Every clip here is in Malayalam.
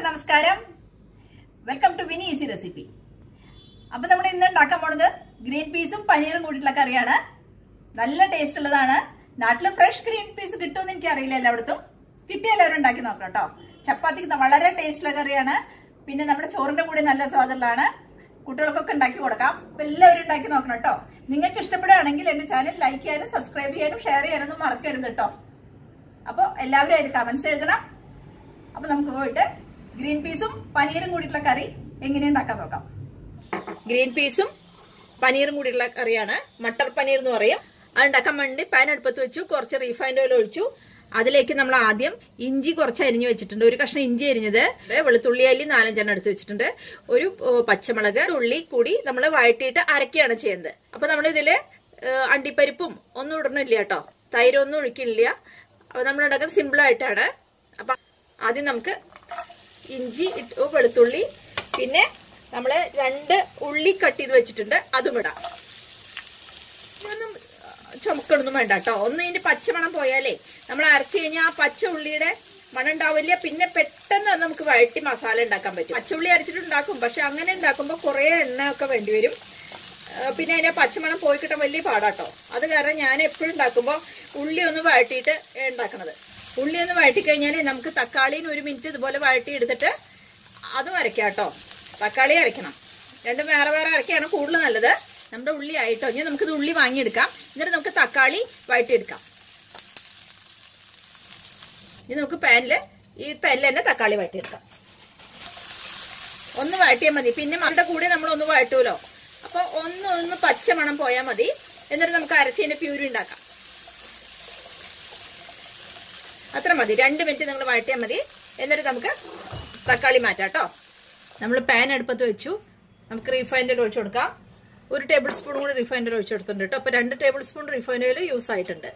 എല്ലാവർക്കും നമസ്കാരം welcome to Vini easy recipe അപ്പൊ നമ്മൾ ഇന്ന് ഉണ്ടാക്കാൻ പോണത് ഗ്രീൻ പീസും പനീറും കൂടിയിട്ടുള്ള കറിയാണ് നല്ല ടേസ്റ്റ് ഉള്ളതാണ് നാട്ടില് ഫ്രഷ് ഗ്രീൻ പീസ് കിട്ടുമെന്ന് എനിക്ക് അറിയില്ല എല്ലായിടത്തും കിട്ടിയ എല്ലാവരും ഉണ്ടാക്കി നോക്കണം കേട്ടോ ചപ്പാത്തിക്ക് വളരെ ടേസ്റ്റുള്ള കറിയാണ് പിന്നെ നമ്മുടെ ചോറിന്റെ കൂടെ നല്ല സ്വാദുള്ളതാണ് കുട്ടികൾക്കൊക്കെ ഉണ്ടാക്കി കൊടുക്കാം എല്ലാവരും ഉണ്ടാക്കി നോക്കണം കേട്ടോ നിങ്ങൾക്ക് ഇഷ്ടപ്പെടുകയാണെങ്കിൽ എന്റെ ചാനൽ ലൈക്ക് ചെയ്യാനും സബ്സ്ക്രൈബ് ചെയ്യാനും ഷെയർ ചെയ്യാനൊന്നും മറക്കരുത് കേട്ടോ അപ്പോൾ എല്ലാവരും അതിൽ കമൻസ് എഴുതണം അപ്പൊ നമുക്ക് പോയിട്ട് ഗ്രീൻ പീസും പനീറും കൂടിയിട്ടുള്ള കറി എങ്ങനെ ഉണ്ടാക്കാൻ നോക്കാം ഗ്രീൻ പീസും പനീറും കൂടിയിട്ടുള്ള കറിയാണ് മട്ടർ പനീർ എന്ന് പറയും അത് ഉണ്ടാക്കാൻ വേണ്ടി പാൻ അടുപ്പത്ത് വെച്ചു കുറച്ച് റീഫൈൻഡ് ഓയിൽ ഒഴിച്ചു അതിലേക്ക് നമ്മൾ ആദ്യം ഇഞ്ചി കുറച്ച് അരിഞ്ഞു വെച്ചിട്ടുണ്ട് ഒരു കഷ്ണം ഇഞ്ചി അരിഞ്ഞത് വെളുത്തുള്ളി അല്ലി നാലഞ്ചെണ്ണം എടുത്ത് വെച്ചിട്ടുണ്ട് ഒരു പച്ചമുളക് ഉള്ളി കൂടി നമ്മൾ വഴട്ടിയിട്ട് അരക്കുകയാണ് ചെയ്യുന്നത് അപ്പൊ നമ്മൾ ഇതില് അണ്ടിപ്പരിപ്പും ഒന്നും ഇടണില്ല കേട്ടോ തൈരൊന്നും ഒഴിക്കണില്ല അപ്പൊ നമ്മൾ ഉണ്ടാക്കുന്നത് സിമ്പിൾ ആയിട്ടാണ് അപ്പൊ ആദ്യം നമുക്ക് ഇഞ്ചി ഇട്ടു വെളുത്തുള്ളി പിന്നെ നമ്മള് രണ്ട് ഉള്ളി കട്ട് ചെയ്ത് വെച്ചിട്ടുണ്ട് അതും ഇടാം ഒന്നും ചുമക്കണൊന്നും വേണ്ട കേട്ടോ ഒന്ന് ഇതിന്റെ പച്ചമണം പോയാലേ നമ്മൾ അരച്ചു കഴിഞ്ഞാൽ ആ പച്ച ഉള്ളിയുടെ മണം ഉണ്ടാവില്ല പിന്നെ പെട്ടെന്ന് നമുക്ക് വഴട്ടി മസാല ഉണ്ടാക്കാൻ പറ്റും പച്ചുള്ളി അരച്ചിട്ട് ഉണ്ടാക്കും പക്ഷെ അങ്ങനെ ഉണ്ടാക്കുമ്പോൾ കുറേ എണ്ണ ഒക്കെ വേണ്ടിവരും പിന്നെ അതിന്റെ പച്ചമണം പോയി കിട്ടാൻ വലിയ പാടാട്ടോ അത് കാരണം ഞാൻ എപ്പോഴും ഉണ്ടാക്കുമ്പോൾ ഉള്ളി ഒന്ന് വഴട്ടിയിട്ട് ഉണ്ടാക്കണത് ഉള്ളി ഒന്ന് വഴറ്റി കഴിഞ്ഞാൽ നമുക്ക് തക്കാളിന് ഒരു മിനിറ്റ് ഇതുപോലെ വഴറ്റി എടുത്തിട്ട് അതും അരയ്ക്കാം കേട്ടോ തക്കാളി അരയ്ക്കണം രണ്ടും വേറെ വേറെ അരയ്ക്കാണ് കൂടുതൽ നല്ലത് നമ്മുടെ ഉള്ളി ആയിട്ടോ ഇനി നമുക്കിത് ഉള്ളി വാങ്ങിയെടുക്കാം എന്നിട്ട് നമുക്ക് തക്കാളി വഴറ്റിയെടുക്കാം ഇനി നമുക്ക് പാനില് ഈ പാനിൽ തന്നെ തക്കാളി വഴറ്റിയെടുക്കാം ഒന്ന് വഴറ്റിയാൽ മതി പിന്നെ മണ്ട കൂടെ നമ്മൾ ഒന്ന് വഴട്ടൂലോ അപ്പൊ ഒന്ന് ഒന്ന് പച്ചമണം പോയാൽ മതി എന്നിട്ട് നമുക്ക് അരച്ചതിന്റെ പ്യൂരി ഉണ്ടാക്കാം അത്ര മതി രണ്ട് മിനിറ്റ് നിങ്ങൾ വഴട്ടിയാൽ മതി എന്നിട്ട് നമുക്ക് തക്കാളി മാറ്റാം കേട്ടോ നമ്മൾ പാൻ അടുപ്പത്ത് വെച്ചു നമുക്ക് റീഫൈൻഡ് ഓയിൽ ഒഴിച്ചു കൊടുക്കാം ഒരു ടേബിൾ സ്പൂൺ കൂടി റിഫൈൻഡ് ഓയിൽ ഒഴിച്ചു കൊടുത്തിട്ടുണ്ട് കേട്ടോ അപ്പോൾ രണ്ട് tablespoon refined oil use ആയിട്ടുണ്ട്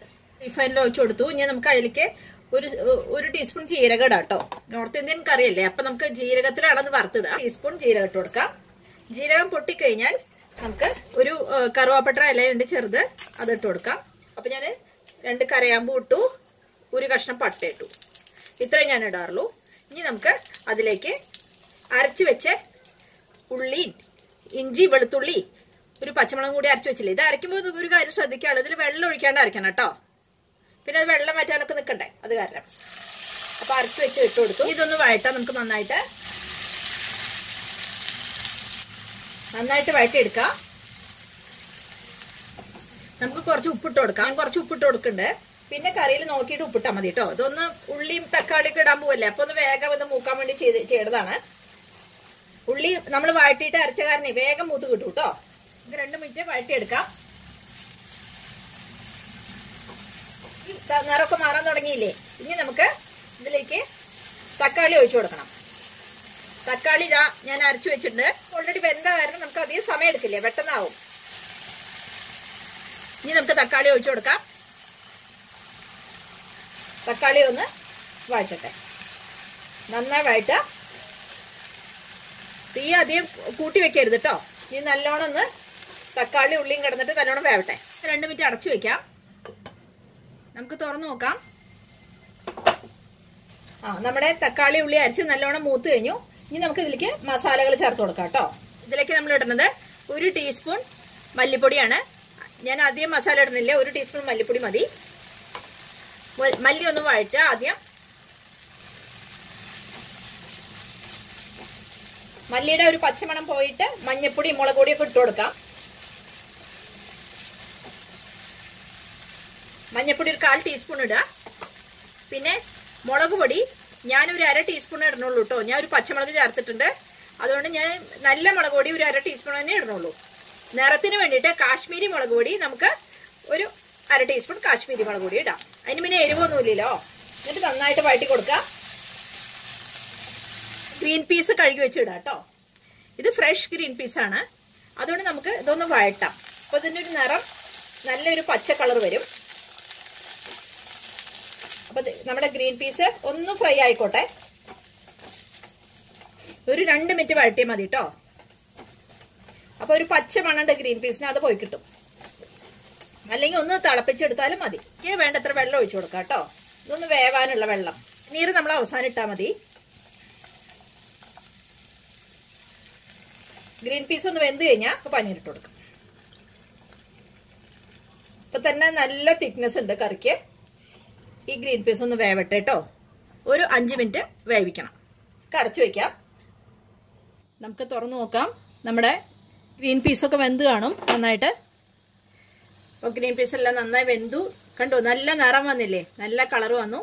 റിഫൈൻഡ് ഒഴിച്ചു കൊടുത്തു ഇനി നമുക്ക് അതിലേക്ക് ഒരു ഒരു ടീസ്പൂൺ ജീരകട കേട്ടോ നോർത്ത് ഇന്ത്യൻ കറിയല്ലേ അപ്പം നമുക്ക് ജീരകത്തിലാണെന്ന് വറുത്തിടാം ടീസ്പൂൺ ജീരകം ഇട്ട് കൊടുക്കാം ജീരകം പൊട്ടിക്കഴിഞ്ഞാൽ നമുക്ക് ഒരു കറുവാപ്പട്ട ഇലയുണ്ട് ചെറുത് അത് ഇട്ട് കൊടുക്കാം അപ്പം ഞാൻ രണ്ട് കരയാമ്പൂ ഇട്ടു ഒരു കഷ്ണം പട്ടയിട്ടു ഇത്രയും ഞാൻ ഇടാറുള്ളൂ ഇനി നമുക്ക് അതിലേക്ക് അരച്ച് വെച്ച ഉള്ളി ഇഞ്ചി വെളുത്തുള്ളി ഒരു പച്ചമുളകും കൂടി അരച്ച് വെച്ചില്ലേ ഇത് അരയ്ക്കുമ്പോൾ ഒരു കാര്യം ശ്രദ്ധിക്കാനുള്ളത് ഇതിൽ വെള്ളം ഒഴിക്കാണ്ട് അരയ്ക്കണം കേട്ടോ പിന്നെ അത് വെള്ളം മാറ്റാനൊക്കെ നിൽക്കണ്ടേ അത് കാരണം അപ്പൊ അരച്ച് വെച്ച് ഇട്ട് കൊടുത്തു ഇതൊന്ന് വഴട്ടാം നമുക്ക് നന്നായിട്ട് നന്നായിട്ട് എടുക്കാം നമുക്ക് കുറച്ച് ഉപ്പിട്ട് കൊടുക്കാം കുറച്ച് ഉപ്പിട്ട് കൊടുക്കണ്ടേ പിന്നെ കറിയിൽ നോക്കിയിട്ട് ഉപ്പിട്ടാൽ മതി കേട്ടോ ഇതൊന്ന് ഉള്ളിയും തക്കാളിയൊക്കെ ഇടാൻ പോവല്ലേ അപ്പൊ ഒന്ന് വേഗം ഒന്ന് മൂക്കാൻ വേണ്ടി ചെയ്ത് ചെയ്തതാണ് ഉള്ളി നമ്മൾ വഴട്ടിയിട്ട് അരച്ച കാരണം വേഗം മൂത്ത് കിട്ടും കേട്ടോ രണ്ട് മിനിറ്റ് വഴട്ടിയെടുക്കാം നിറമൊക്കെ മാറാൻ തുടങ്ങിയില്ലേ ഇനി നമുക്ക് ഇതിലേക്ക് തക്കാളി ഒഴിച്ചു കൊടുക്കണം തക്കാളി ഇതാ ഞാൻ അരച്ചു വെച്ചിട്ടുണ്ട് ഓൾറെഡി വെന്ത കാരണം നമുക്ക് അധികം സമയം എടുക്കില്ലേ പെട്ടെന്നാവും ഇനി നമുക്ക് തക്കാളി ഒഴിച്ചു കൊടുക്കാം തക്കാളി ഒന്ന് വഴറ്റട്ടെ നന്നായി വഴറ്റ തീ അധികം കൂട്ടി വെക്കരുത് കേട്ടോ ഈ നല്ലോണം ഒന്ന് തക്കാളി ഉള്ളിയും കിടന്നിട്ട് നല്ലോണം വേവട്ടെ രണ്ട് മിനിറ്റ് അടച്ചു വെക്കാം നമുക്ക് തുറന്നു നോക്കാം ആ നമ്മുടെ തക്കാളി ഉള്ളി അരച്ച് നല്ലോണം മൂത്ത് കഴിഞ്ഞു ഇനി നമുക്ക് ഇതിലേക്ക് മസാലകൾ ചേർത്ത് കൊടുക്കാം കേട്ടോ ഇതിലേക്ക് നമ്മൾ ഇടുന്നത് ഒരു ടീസ്പൂൺ മല്ലിപ്പൊടിയാണ് ഞാൻ ആദ്യം മസാല ഇടുന്നില്ല ഒരു ടീസ്പൂൺ മല്ലിപ്പൊടി മതി മല്ലി ഒന്ന് വഴറ്റുക ആദ്യം മല്ലിയുടെ ഒരു പച്ചമണം പോയിട്ട് മഞ്ഞപ്പൊടി മുളകുപൊടിയൊക്കെ ഇട്ട് കൊടുക്കാം മഞ്ഞപ്പൊടി ഒരു കാൽ ടീസ്പൂൺ ഇടുക പിന്നെ മുളക് പൊടി ഞാനൊരു അര ടീസ്പൂൺ ഇടണുള്ളൂ കേട്ടോ ഞാൻ ഒരു പച്ചമുളക് ചേർത്തിട്ടുണ്ട് അതുകൊണ്ട് ഞാൻ നല്ല മുളക് പൊടി ഒരു അര ടീസ്പൂൺ തന്നെ ഇടണുള്ളൂ നിറത്തിന് വേണ്ടിയിട്ട് കാശ്മീരി മുളക് പൊടി നമുക്ക് ഒരു അര ടീസ്പൂൺ കാശ്മീരി മുളക് കൂടി ഇടാം അതിന് പിന്നെ എരിവൊന്നുമില്ലല്ലോ എന്നിട്ട് നന്നായിട്ട് വഴട്ടി കൊടുക്ക ഗ്രീൻ പീസ് കഴുകി വെച്ച് ഇടാം കേട്ടോ ഇത് ഫ്രഷ് ഗ്രീൻ പീസാണ് അതുകൊണ്ട് നമുക്ക് ഇതൊന്ന് വഴട്ടാം അപ്പൊ ഇതിൻ്റെ ഒരു നിറം നല്ലൊരു പച്ച കളർ വരും അപ്പൊ നമ്മുടെ ഗ്രീൻ പീസ് ഒന്ന് ഫ്രൈ ആയിക്കോട്ടെ ഒരു രണ്ട് മിനിറ്റ് വഴട്ടിയാൽ മതി കേട്ടോ അപ്പൊ ഒരു പച്ച മണ്ണുണ്ട് ഗ്രീൻ പീസിന് അത് പോയി കിട്ടും അല്ലെങ്കിൽ ഒന്ന് തിളപ്പിച്ചെടുത്താലും മതി ഇനി വേണ്ടത്ര വെള്ളം ഒഴിച്ചു കൊടുക്കാം കേട്ടോ ഇതൊന്ന് വേവാനുള്ള വെള്ളം നീര് നമ്മൾ അവസാനം ഇട്ടാൽ മതി ഗ്രീൻ പീസ് ഒന്ന് വെന്ത് കഴിഞ്ഞാൽ പനീരിട്ട് കൊടുക്കാം ഇപ്പൊ തന്നെ നല്ല തിക്നെസ് ഉണ്ട് കറിക്ക് ഈ ഗ്രീൻ പീസ് ഒന്ന് വേവട്ടെ കേട്ടോ ഒരു അഞ്ച് മിനിറ്റ് വേവിക്കണം കടച്ചു വെക്കാം നമുക്ക് തുറന്നു നോക്കാം നമ്മുടെ ഗ്രീൻ പീസൊക്കെ വെന്ത് കാണും നന്നായിട്ട് ഗ്രീൻ പീസ് എല്ലാം നന്നായി വെന്തു കണ്ടോ നല്ല നിറം വന്നില്ലേ നല്ല കളർ വന്നു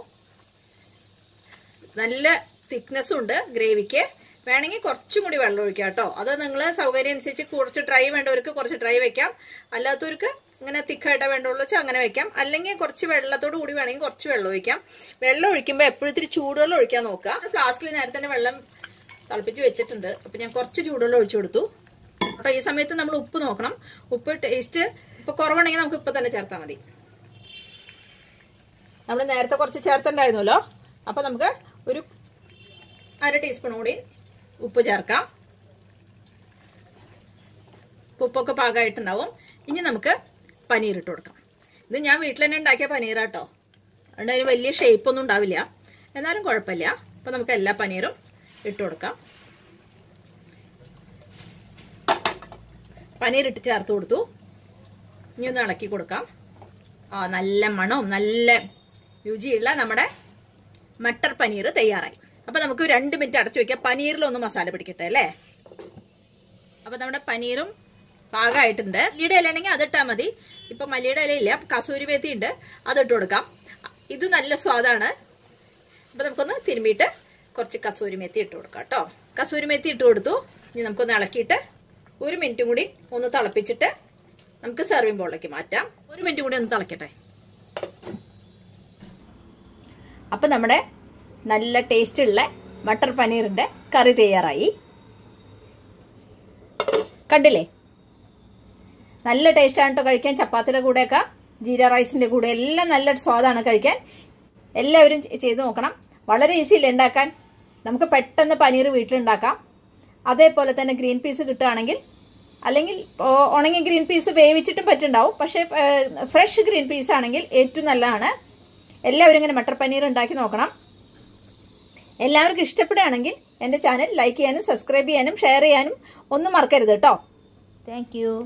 നല്ല തിക്നെസ്സും ഉണ്ട് ഗ്രേവിക്ക് വേണമെങ്കിൽ കുറച്ചും കൂടി വെള്ളം ഒഴിക്കുക കേട്ടോ അത് നിങ്ങൾ സൗകര്യം അനുസരിച്ച് കുറച്ച് ഡ്രൈ വേണ്ടവർക്ക് കുറച്ച് ഡ്രൈ വെക്കാം അല്ലാത്തവർക്ക് ഇങ്ങനെ തിക്കായിട്ടാ വേണ്ടുള്ളൂ വെച്ചാൽ അങ്ങനെ വെക്കാം അല്ലെങ്കിൽ കുറച്ച് വെള്ളത്തോട് കൂടി വേണമെങ്കിൽ കുറച്ച് വെള്ളം ഒഴിക്കാം വെള്ളം ഒഴിക്കുമ്പോൾ എപ്പോഴും ചൂടുവെള്ളം ഒഴിക്കാൻ നോക്കുക ഫ്ലാസ്കിൽ നേരത്തെ തന്നെ വെള്ളം തിളപ്പിച്ച് വെച്ചിട്ടുണ്ട് അപ്പം ഞാൻ കുറച്ച് ചൂടുവെള്ളം ഒഴിച്ചു കൊടുത്തു കേട്ടോ ഈ സമയത്ത് നമ്മൾ ഉപ്പ് നോക്കണം ഉപ്പ് ടേസ്റ്റ് ഇപ്പൊ കുറവുണ്ടെങ്കിൽ നമുക്ക് ഇപ്പോൾ തന്നെ ചേർത്താൽ മതി നമ്മൾ നേരത്തെ കുറച്ച് ചേർത്തിട്ടുണ്ടായിരുന്നല്ലോ അപ്പോൾ നമുക്ക് ഒരു അര ടീസ്പൂൺ കൂടി ഉപ്പ് ചേർക്കാം ഉപ്പൊക്കെ പാകമായിട്ടുണ്ടാവും ഇനി നമുക്ക് പനീർ ഇട്ട് കൊടുക്കാം ഇത് ഞാൻ വീട്ടിൽ തന്നെ ഉണ്ടാക്കിയ പനീറാട്ടോ അതുകൊണ്ട് അതിന് വലിയ ഷേപ്പൊന്നും ഉണ്ടാവില്ല എന്നാലും കുഴപ്പമില്ല അപ്പൊ നമുക്ക് എല്ലാ പനീറും ഇട്ട് കൊടുക്കാം പനീർ ഇട്ട് ചേർത്ത് കൊടുത്തു ഇനി ഒന്ന് ഇളക്കി കൊടുക്കാം ആ നല്ല മണവും നല്ല രുചിയുള്ള നമ്മുടെ മട്ടർ പനീർ തയ്യാറായി അപ്പൊ നമുക്ക് രണ്ട് മിനിറ്റ് അടച്ചു വയ്ക്കാം പനീറിലൊന്ന് മസാല പിടിക്കട്ടെ അല്ലേ അപ്പൊ നമ്മുടെ പനീറും പാകമായിട്ടുണ്ട് മല്ലിയുടെ ഇല ആണെങ്കിൽ അതിട്ടാൽ മതി ഇപ്പൊ മല്ലിയുടെ ഇല്ല കസൂരി മേത്തി ഉണ്ട് അതിട്ട് കൊടുക്കാം ഇത് നല്ല സ്വാദാണ് അപ്പൊ നമുക്കൊന്ന് തിരുമ്പിയിട്ട് കുറച്ച് കസൂരി മേത്തി ഇട്ട് കൊടുക്കാം കേട്ടോ കസൂരി മേത്തി ഇട്ട് കൊടുത്തു ഇനി നമുക്കൊന്ന് ഇളക്കിയിട്ട് ഒരു മിനിറ്റും കൂടി ഒന്ന് തിളപ്പിച്ചിട്ട് നമുക്ക് സെർവിംഗ് ബോളിലേക്ക് മാറ്റാം ഒരു മിനിറ്റ് കൂടി ഒന്ന് തിളക്കട്ടെ അപ്പൊ നമ്മുടെ നല്ല ടേസ്റ്റ് ഉള്ള മട്ടർ പനീറിന്റെ കറി തയ്യാറായി കണ്ടില്ലേ നല്ല ആണ് കേട്ടോ കഴിക്കാൻ ചപ്പാത്തിയുടെ കൂടെയൊക്കെ ജീര റൈസിന്റെ കൂടെ എല്ലാം നല്ല സ്വാദാണ് കഴിക്കാൻ എല്ലാവരും ചെയ്തു നോക്കണം വളരെ ഈസിയിൽ ഉണ്ടാക്കാൻ നമുക്ക് പെട്ടെന്ന് പനീർ വീട്ടിലുണ്ടാക്കാം അതേപോലെ തന്നെ ഗ്രീൻ പീസ് കിട്ടുകയാണെങ്കിൽ അല്ലെങ്കിൽ ഉണങ്ങിയ ഗ്രീൻ പീസ് വേവിച്ചിട്ടും പറ്റുണ്ടാവും പക്ഷേ ഫ്രഷ് ഗ്രീൻ പീസ് ആണെങ്കിൽ ഏറ്റവും നല്ലതാണ് എല്ലാവരും ഇങ്ങനെ മട്ടർ പനീർ ഉണ്ടാക്കി നോക്കണം എല്ലാവർക്കും ഇഷ്ടപ്പെടുകയാണെങ്കിൽ എൻ്റെ ചാനൽ ലൈക്ക് ചെയ്യാനും സബ്സ്ക്രൈബ് ചെയ്യാനും ഷെയർ ചെയ്യാനും ഒന്നും മറക്കരുത് കേട്ടോ താങ്ക്